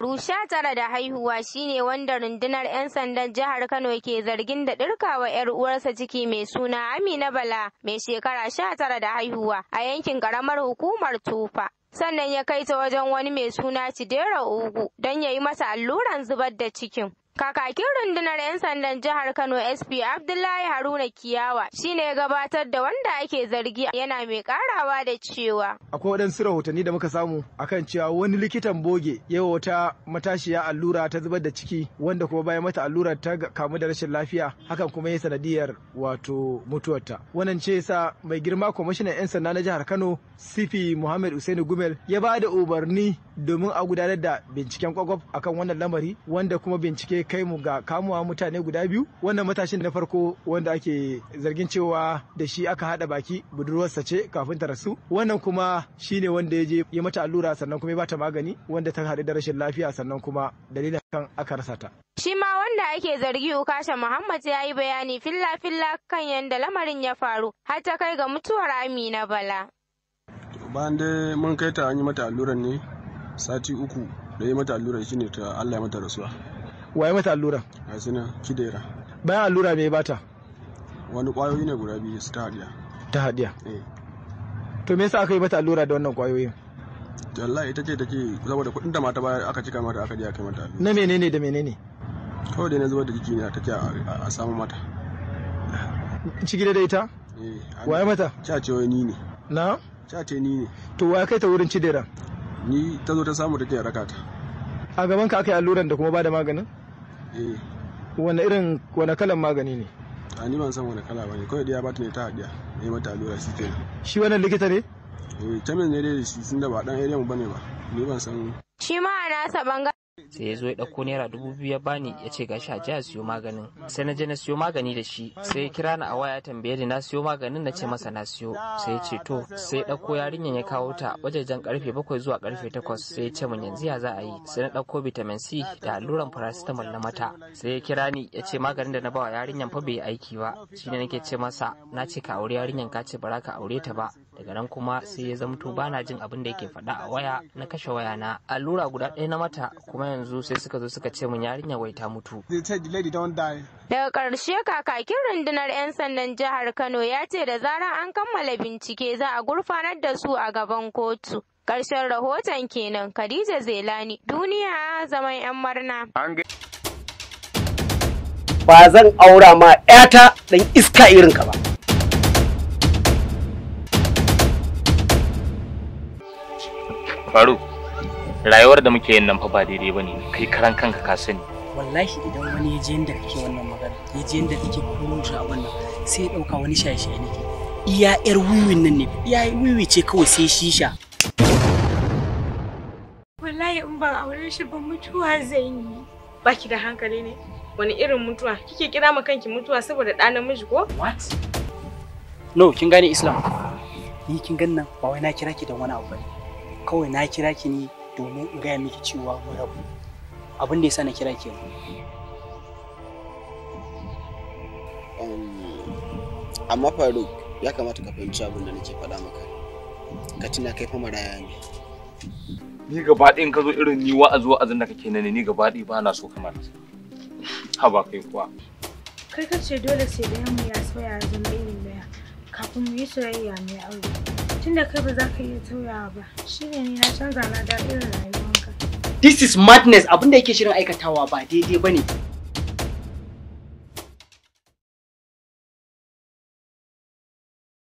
Rusha tara da haihuwa shine wanda rundunar 'yan sandan jihar Kano ke zargin da ɗirkawa 'yar uwarsa ciki mai suna Amina Bala mai shekara sha tara da haihuwa a yankin karamar hukumar Tufa. Sannan ya kai ta wajen wani mai suna Cidera Ugu don ya yi masa alluran zubar da cikin. Kakakin rundunar 'yan sandan jihar Kano SP Abdullahi Haruna Kiyawa shine ya gabatar da wanda ake zargi yana mai karawa da cewa. Akwai waɗansu rahotanni da muka samu akan cewa wani likitan boge yawa wata matashiya allura ta zubar da ciki wanda kuma bayan mata allura ta kamu da rashin lafiya hakan kuma ya sanadiyar wato mutuwarta. Wannan ce sa mai girma kwamishinan 'yan sanda na jihar Kano CP Muhammad Usainu Gumel ya ba da umarni domin a gudanar da binciken kwakwaf akan wannan lamari wanda kuma bincike kai mu ga kamuwa mutane guda biyu wannan matashin na farko wanda ake zargin cewa da shi aka hada baki budurwarsa ce kafin ta rasu wannan kuma shine wanda ya je ya mata allura sannan kuma ya bata magani wanda ta haɗu da rashin lafiya sannan kuma dalilin kan aka rasa ta Shi ma wanda ake zargi Ukasha Muhammad ya yi bayani filla-filla kan yanda lamarin ya faru har ta kai ga mutuwar Amina Bala. Bayan dai mun kai ta an yi mata allurar ne sati uku da yi mata allurar shine ta Allah ya mata rasuwa. waye mata allura a suna kidera bayan allura me bata wani kwayoyi ne guda biyu su ta hadiya ta hadiya eh. to me yasa aka yi mata allura da wannan kwayoyin wallahi ita ce take saboda kuɗin da mata bayar aka cika mata aka je aka mata na menene da menene kawai dai na zubar da jiki ne take a samu mata ciki da ita eh, waye mata cace wai ni ne na cace ni ne to waye kai ta wurin cidera ni ta zo ta samu take raka ta a gaban ka aka yi alluran da kuma ba da maganin Eh. wani irin wani kalan magani ne a ni ban san wani kala bane kawai diya bata ne ta hadiya ne mata allura shi kenan shi wannan likita ne eh tamin ne dai shi sun da ba dan area mu bane ba ni ban san shi ma a nasa sai ya zo ya ɗauko naira dubu biyu ya bani ya ce gashi a jiya siyo maganin sai na je na siyo magani da shi sai ya kira ni a waya tambaye ni na siyo maganin na ce masa na siyo sai ya ce to sai ya ɗauko yarinyan ya kawo ta wajajen karfe bakwai zuwa karfe takwas sai ya ce min yanzu ya za a yi sai na ɗauko vitamin C da alluran paracetamol na mata sai ya kira ni ya ce maganin da na bawa yarinyan fa bai aiki ba shi shine nake ce masa na ce ka aure yarinyan ka ce ba za ka aure ta ba daga nan kuma sai ya zamto bana jin abin da yake faɗa a waya na kashe waya na allura guda ɗaya na mata kuma yanzu sai suka zo suka ce min yarinya wai ta mutu daga karshe kakakin rundunar 'yan sandan jihar kano ya ce da zarar an kammala bincike za a gurfanar da su a gaban kotu karshen rahoton kenan khadija zelani duniya zaman 'yan marna ba zan aura ma 'yata dan iska irin ka ba faru rayuwar da muke yin nan fa ba daidai bane kai karan kanka ka sani wallahi idan wani ya je inda kake wannan magana ya je inda kake kuma shi abin nan sai ya dauka wani shaye-shaye ne iya yar wiwin nan ne iya wiwi ce kawai sai shisha wallahi in ban aure shi ba mutuwa zan yi baki da hankali ne wani irin mutuwa kike kira ma kanki mutuwa saboda ɗa namiji ko what no kin gane islam ni kin gannan ba wai na kira ki don wani abu bane kawai na kira ki ne domin in gaya miki cewa mu rabu abin da yasa na kira ki amma faruk ya kamata ka fahimci abin da nake faɗa maka ka tuna kai fa maraya ne ni gaba ɗayan ka zo irin ni wa'azi wa'azin da kake nane ni gaba ɗaya ba na so kamar ha ba kai kuwa kai ka ce dole sai da mu ya soya zama irin daya kafin mu yi soyayya mai aure Tunda kai ba za ka iya juyawa ba, shine ni na canza na da irin rayuwanka. This is madness abinda yake shirin aikatawa ba daidai bane.